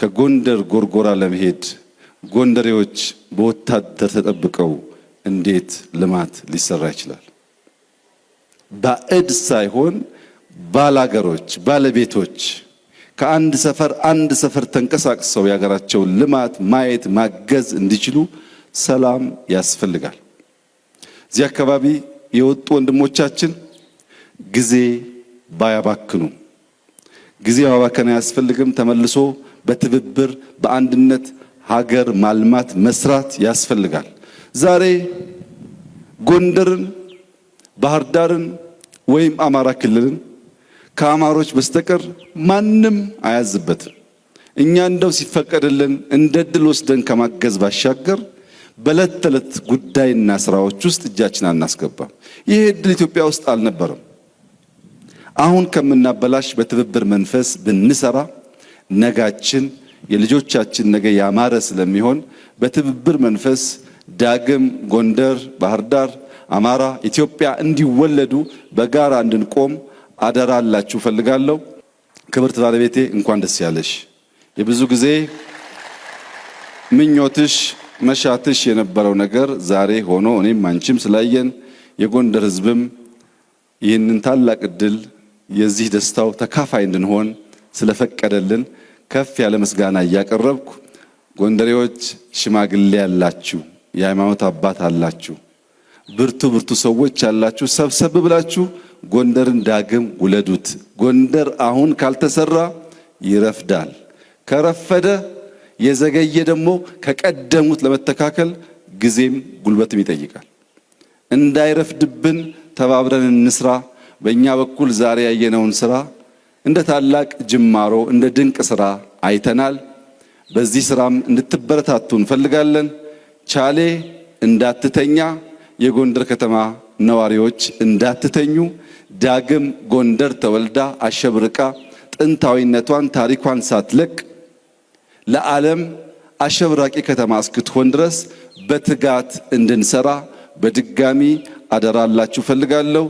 ከጎንደር ጎርጎራ ለመሄድ ጎንደሬዎች በወታደር ተጠብቀው እንዴት ልማት ሊሰራ ይችላል? ባዕድ ሳይሆን ባላገሮች፣ ባለቤቶች ከአንድ ሰፈር አንድ ሰፈር ተንቀሳቅሰው የሀገራቸውን ልማት ማየት ማገዝ እንዲችሉ ሰላም ያስፈልጋል። እዚህ አካባቢ የወጡ ወንድሞቻችን ጊዜ ባያባክኑ ጊዜ ማባከን አያስፈልግም። ተመልሶ በትብብር በአንድነት ሀገር ማልማት መስራት ያስፈልጋል። ዛሬ ጎንደርን፣ ባህር ዳርን ወይም አማራ ክልልን ከአማሮች በስተቀር ማንም አያዝበትም። እኛ እንደው ሲፈቀድልን እንደ ድል ወስደን ከማገዝ ባሻገር በዕለት ተዕለት ጉዳይና ስራዎች ውስጥ እጃችን አናስገባም። ይህ እድል ኢትዮጵያ ውስጥ አልነበረም። አሁን ከምናበላሽ በትብብር መንፈስ ብንሰራ ነጋችን የልጆቻችን ነገ ያማረ ስለሚሆን በትብብር መንፈስ ዳግም ጎንደር፣ ባህር ዳር፣ አማራ፣ ኢትዮጵያ እንዲወለዱ በጋራ እንድንቆም አደራላችሁ ፈልጋለሁ። ክብርት ባለቤቴ እንኳን ደስ ያለሽ። የብዙ ጊዜ ምኞትሽ መሻትሽ የነበረው ነገር ዛሬ ሆኖ እኔም አንቺም ስላየን የጎንደር ሕዝብም ይህንን ታላቅ እድል የዚህ ደስታው ተካፋይ እንድንሆን ስለፈቀደልን ከፍ ያለ ምስጋና እያቀረብኩ ጎንደሬዎች ሽማግሌ ያላችሁ፣ የሃይማኖት አባት አላችሁ፣ ብርቱ ብርቱ ሰዎች ያላችሁ ሰብሰብ ብላችሁ ጎንደርን ዳግም ውለዱት። ጎንደር አሁን ካልተሰራ ይረፍዳል። ከረፈደ የዘገየ ደግሞ ከቀደሙት ለመተካከል ጊዜም ጉልበትም ይጠይቃል። እንዳይረፍድብን ተባብረን እንስራ። በእኛ በኩል ዛሬ ያየነውን ስራ እንደ ታላቅ ጅማሮ እንደ ድንቅ ስራ አይተናል። በዚህ ስራም እንድትበረታቱ እንፈልጋለን። ቻሌ እንዳትተኛ፣ የጎንደር ከተማ ነዋሪዎች እንዳትተኙ። ዳግም ጎንደር ተወልዳ አሸብርቃ ጥንታዊነቷን ታሪኳን ሳትለቅ ለዓለም አሸብራቂ ከተማ እስክትሆን ድረስ በትጋት እንድንሰራ በድጋሚ አደራላችሁ ፈልጋለሁ።